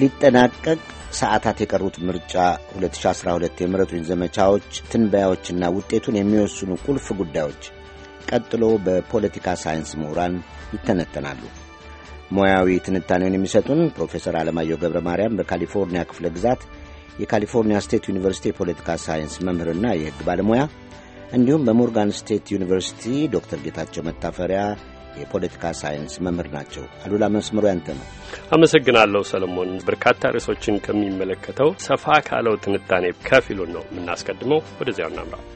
ሊጠናቀቅ ሰዓታት የቀሩት ምርጫ 2012 የምረጡኝ ዘመቻዎች ትንበያዎችና ውጤቱን የሚወስኑ ቁልፍ ጉዳዮች ቀጥሎ በፖለቲካ ሳይንስ ምሁራን ይተነተናሉ። ሙያዊ ትንታኔውን የሚሰጡን ፕሮፌሰር አለማየሁ ገብረ ማርያም በካሊፎርኒያ ክፍለ ግዛት የካሊፎርኒያ ስቴት ዩኒቨርሲቲ የፖለቲካ ሳይንስ መምህርና የሕግ ባለሙያ እንዲሁም በሞርጋን ስቴት ዩኒቨርሲቲ ዶክተር ጌታቸው መታፈሪያ የፖለቲካ ሳይንስ መምህር ናቸው። አሉላ መስመሩ ያንተ ነው። አመሰግናለሁ ሰለሞን። በርካታ ርዕሶችን ከሚመለከተው ሰፋ ካለው ትንታኔ ከፊሉን ነው የምናስቀድመው። ወደዚያው እናምራው።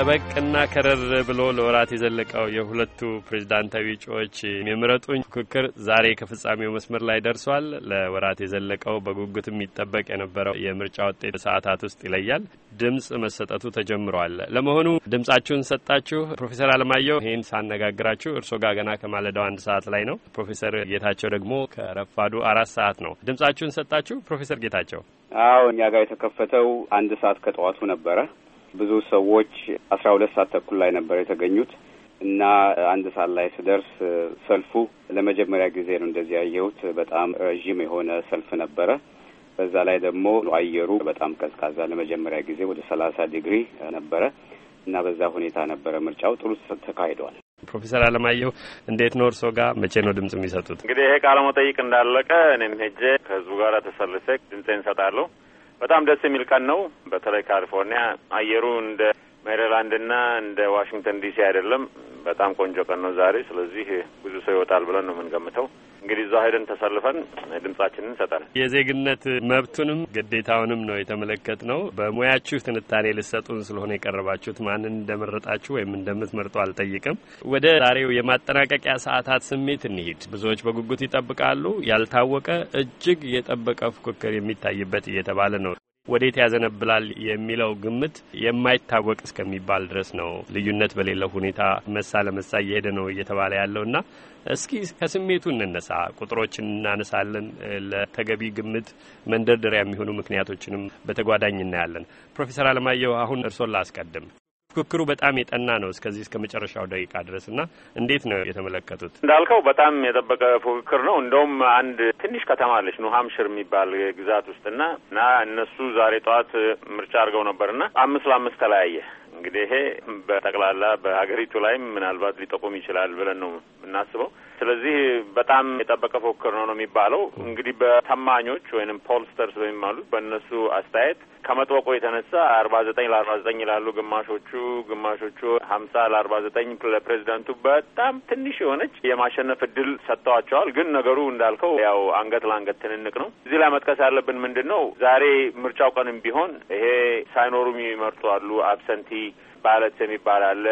ጠበቅና ከረር ብሎ ለወራት የዘለቀው የሁለቱ ፕሬዚዳንታዊ እጩዎች የምረጡኝ ፉክክር ዛሬ ከፍጻሜው መስመር ላይ ደርሷል። ለወራት የዘለቀው በጉጉት የሚጠበቅ የነበረው የምርጫ ውጤት ሰዓታት ውስጥ ይለያል። ድምፅ መሰጠቱ ተጀምሯል። ለመሆኑ ድምጻችሁን ሰጣችሁ? ፕሮፌሰር አለማየሁ ይህን ሳነጋግራችሁ እርሶ ጋር ገና ከማለዳው አንድ ሰዓት ላይ ነው። ፕሮፌሰር ጌታቸው ደግሞ ከረፋዱ አራት ሰዓት ነው። ድምጻችሁን ሰጣችሁ? ፕሮፌሰር ጌታቸው አዎ፣ እኛ ጋር የተከፈተው አንድ ሰዓት ከጠዋቱ ነበረ። ብዙ ሰዎች አስራ ሁለት ሰዓት ተኩል ላይ ነበር የተገኙት እና አንድ ሰዓት ላይ ስደርስ ሰልፉ ለመጀመሪያ ጊዜ ነው እንደዚህ ያየሁት። በጣም ረዥም የሆነ ሰልፍ ነበረ። በዛ ላይ ደግሞ አየሩ በጣም ቀዝቃዛ፣ ለመጀመሪያ ጊዜ ወደ ሰላሳ ዲግሪ ነበረ እና በዛ ሁኔታ ነበረ ምርጫው ጥሩ ተካሂዷል። ፕሮፌሰር አለማየሁ እንዴት ነው እርስዎ ጋር መቼ ነው ድምጽ የሚሰጡት? እንግዲህ ይሄ ቃለ መጠይቅ እንዳለቀ እኔም ሄጄ ከህዝቡ ጋር ተሰልፌ ድምጼን እሰጣለሁ። በጣም ደስ የሚል ቀን ነው። በተለይ ካሊፎርኒያ አየሩ እንደ ሜሪላንድና እንደ ዋሽንግተን ዲሲ አይደለም። በጣም ቆንጆ ቀን ነው ዛሬ። ስለዚህ ብዙ ሰው ይወጣል ብለን ነው የምንገምተው። እንግዲህ እዛ ሄደን ተሰልፈን ድምጻችንን እንሰጣለን። የዜግነት መብቱንም ግዴታውንም ነው የተመለከት ነው። በሙያችሁ ትንታኔ ልሰጡን ስለሆነ የቀረባችሁት ማንን እንደመረጣችሁ ወይም እንደምትመርጡ አልጠይቅም። ወደ ዛሬው የማጠናቀቂያ ሰዓታት ስሜት እንሂድ። ብዙዎች በጉጉት ይጠብቃሉ። ያልታወቀ እጅግ የጠበቀ ፉክክር የሚታይበት እየተባለ ነው። ወዴት ያዘነብላል የሚለው ግምት የማይታወቅ እስከሚባል ድረስ ነው። ልዩነት በሌለው ሁኔታ መሳ ለመሳ እየሄደ ነው እየተባለ ያለው እና እስኪ ከስሜቱ እንነሳ። ቁጥሮችን እናነሳለን። ለተገቢ ግምት መንደርደሪያ የሚሆኑ ምክንያቶችንም በተጓዳኝ እናያለን። ፕሮፌሰር አለማየሁ አሁን እርሶን ላስቀድም። ፉክክሩ በጣም የጠና ነው እስከዚህ እስከ መጨረሻው ደቂቃ ድረስ እና እንዴት ነው የተመለከቱት? እንዳልከው በጣም የጠበቀ ፉክክር ነው። እንደውም አንድ ትንሽ ከተማ አለች ኒው የሚባል ግዛት ውስጥና እና እነሱ ዛሬ ጠዋት ምርጫ አድርገው ነበርና አምስት ለአምስት ተለያየ። እንግዲህ ይሄ በጠቅላላ በሀገሪቱ ላይም ምናልባት ሊጠቁም ይችላል ብለን ነው የምናስበው። ስለዚህ በጣም የጠበቀ ፉክክር ነው ነው የሚባለው። እንግዲህ በተማኞች ወይም ፖልስተርስ በሚባሉት በእነሱ አስተያየት ከመጥወቁ የተነሳ አርባ ዘጠኝ ለአርባ ዘጠኝ ይላሉ ግማሾቹ፣ ግማሾቹ ሀምሳ ለአርባ ዘጠኝ ለፕሬዚዳንቱ በጣም ትንሽ የሆነች የማሸነፍ እድል ሰጥተዋቸዋል። ግን ነገሩ እንዳልከው ያው አንገት ለአንገት ትንንቅ ነው። እዚህ ላይ መጥቀስ ያለብን ምንድን ነው ዛሬ ምርጫው ቀንም ቢሆን ይሄ ሳይኖሩም የሚመርጡ አሉ አብሰንቲ ባለት የሚባል አለ።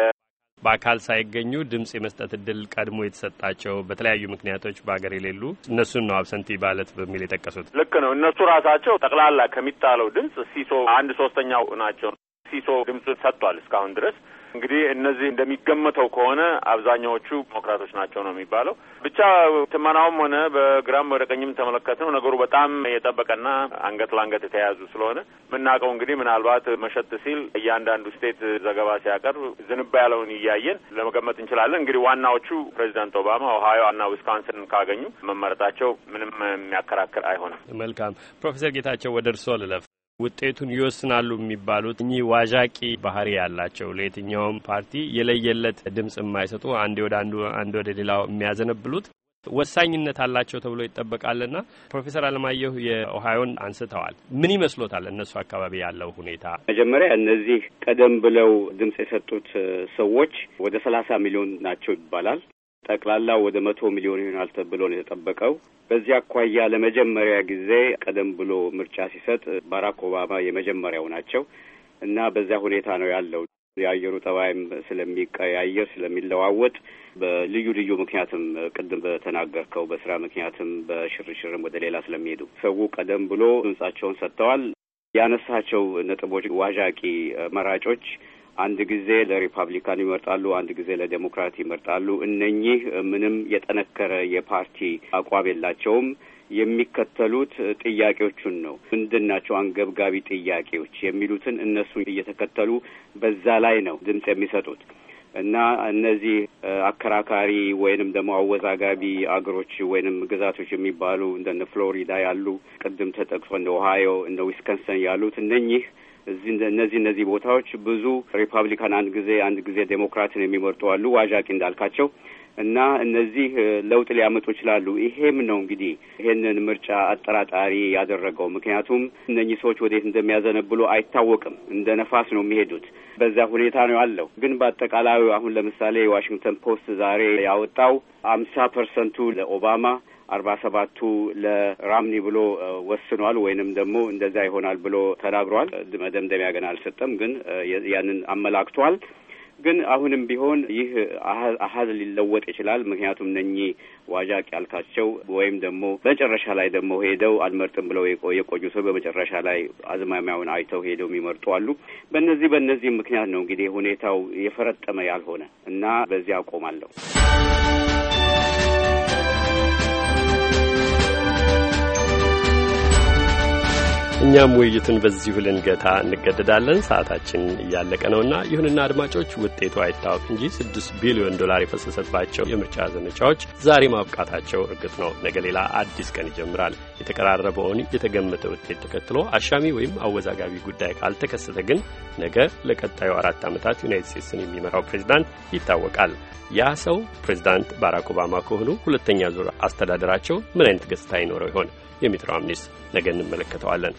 በአካል ሳይገኙ ድምፅ የመስጠት እድል ቀድሞ የተሰጣቸው በተለያዩ ምክንያቶች በሀገር የሌሉ እነሱን ነው አብሰንቲ ባለት በሚል የጠቀሱት። ልክ ነው። እነሱ ራሳቸው ጠቅላላ ከሚጣለው ድምፅ ሲሶ አንድ ሶስተኛው ናቸው። ሲሶ ድምጽ ሰጥቷል እስካሁን ድረስ እንግዲህ እነዚህ እንደሚገመተው ከሆነ አብዛኛዎቹ ዲሞክራቶች ናቸው ነው የሚባለው። ብቻ ትመናውም ሆነ በግራም ወደ ቀኝም ተመለከት ነው ነገሩ በጣም የጠበቀና አንገት ለአንገት የተያያዙ ስለሆነ የምናውቀው እንግዲህ ምናልባት መሸት ሲል እያንዳንዱ ስቴት ዘገባ ሲያቀርብ ዝንባ ያለውን እያየን ለመገመት እንችላለን። እንግዲህ ዋናዎቹ ፕሬዚዳንት ኦባማ ኦሃዮ እና ዊስካንስን ካገኙ መመረጣቸው ምንም የሚያከራክር አይሆንም። መልካም ፕሮፌሰር ጌታቸው ወደ እርስዎ ልለፍ። ውጤቱን ይወስናሉ የሚባሉት እኚህ ዋዣቂ ባህሪ ያላቸው ለየትኛውም ፓርቲ የለየለት ድምፅ የማይሰጡ አንዴ ወደ አንዱ አንድ ወደ ሌላው የሚያዘነብሉት ወሳኝነት አላቸው ተብሎ ይጠበቃልና ፕሮፌሰር አለማየሁ የኦሃዮን አንስተዋል። ምን ይመስሎታል እነሱ አካባቢ ያለው ሁኔታ? መጀመሪያ እነዚህ ቀደም ብለው ድምፅ የሰጡት ሰዎች ወደ ሰላሳ ሚሊዮን ናቸው ይባላል። ጠቅላላ ወደ መቶ ሚሊዮን ይሆናል ተብሎ ነው የተጠበቀው። በዚህ አኳያ ለመጀመሪያ ጊዜ ቀደም ብሎ ምርጫ ሲሰጥ ባራክ ኦባማ የመጀመሪያው ናቸው እና በዚያ ሁኔታ ነው ያለው። የአየሩ ጠባይም ስለሚቀያየር ስለሚለዋወጥ፣ በልዩ ልዩ ምክንያትም ቅድም በተናገርከው በስራ ምክንያትም በሽርሽርም ወደ ሌላ ስለሚሄዱ ሰው ቀደም ብሎ ድምጻቸውን ሰጥተዋል። ያነሳቸው ነጥቦች ዋዣቂ መራጮች አንድ ጊዜ ለሪፐብሊካን ይመርጣሉ፣ አንድ ጊዜ ለዴሞክራት ይመርጣሉ። እነኚህ ምንም የጠነከረ የፓርቲ አቋም የላቸውም። የሚከተሉት ጥያቄዎቹን ነው። ምንድን ናቸው አንገብጋቢ ጥያቄዎች የሚሉትን እነሱ እየተከተሉ በዛ ላይ ነው ድምጽ የሚሰጡት እና እነዚህ አከራካሪ ወይንም ደግሞ አወዛጋቢ አገሮች ወይንም ግዛቶች የሚባሉ እንደነ ፍሎሪዳ ያሉ ቅድም ተጠቅሶ እንደ ኦሃዮ እንደ ዊስከንሰን ያሉት እነኚህ እዚህ እነዚህ እነዚህ ቦታዎች ብዙ ሪፐብሊካን አንድ ጊዜ አንድ ጊዜ ዴሞክራትን የሚመርጡ አሉ ዋዣቂ እንዳልካቸው እና እነዚህ ለውጥ ሊያመጡ ይችላሉ። ይሄም ነው እንግዲህ ይሄንን ምርጫ አጠራጣሪ ያደረገው። ምክንያቱም እነኚህ ሰዎች ወዴት እንደሚያዘነብሉ አይታወቅም። እንደ ነፋስ ነው የሚሄዱት። በዛ ሁኔታ ነው ያለው። ግን በአጠቃላዩ አሁን ለምሳሌ የዋሽንግተን ፖስት ዛሬ ያወጣው አምሳ ፐርሰንቱ ለኦባማ አርባ ሰባቱ ለራምኒ ብሎ ወስኗል፣ ወይንም ደግሞ እንደዛ ይሆናል ብሎ ተናግሯል። መደምደሚያ ገና አልሰጠም፣ ግን ያንን አመላክቷል። ግን አሁንም ቢሆን ይህ አሀዝ ሊለወጥ ይችላል። ምክንያቱም እነኚህ ዋዣቅ ያልካቸው ወይም ደግሞ በመጨረሻ ላይ ደግሞ ሄደው አልመርጥም ብለው የቆዩ ሰው በመጨረሻ ላይ አዝማሚያውን አይተው ሄደው የሚመርጡ አሉ። በእነዚህ በእነዚህ ምክንያት ነው እንግዲህ ሁኔታው የፈረጠመ ያልሆነ እና በዚህ አቆማለሁ። እኛም ውይይቱን በዚሁ ልንገታ እንገደዳለን። ሰዓታችን እያለቀ ነውና፣ ይሁንና አድማጮች ውጤቱ አይታወቅ እንጂ ስድስት ቢሊዮን ዶላር የፈሰሰባቸው የምርጫ ዘመቻዎች ዛሬ ማብቃታቸው እርግጥ ነው። ነገ ሌላ አዲስ ቀን ይጀምራል። የተቀራረበውን የተገመተ ውጤት ተከትሎ አሻሚ ወይም አወዛጋቢ ጉዳይ ካልተከሰተ ግን ነገ ለቀጣዩ አራት ዓመታት ዩናይት ስቴትስን የሚመራው ፕሬዚዳንት ይታወቃል። ያ ሰው ፕሬዚዳንት ባራክ ኦባማ ከሆኑ ሁለተኛ ዙር አስተዳደራቸው ምን አይነት ገጽታ ይኖረው ይሆን? የሚትሮ አምኒስት ነገ እንመለከተዋለን።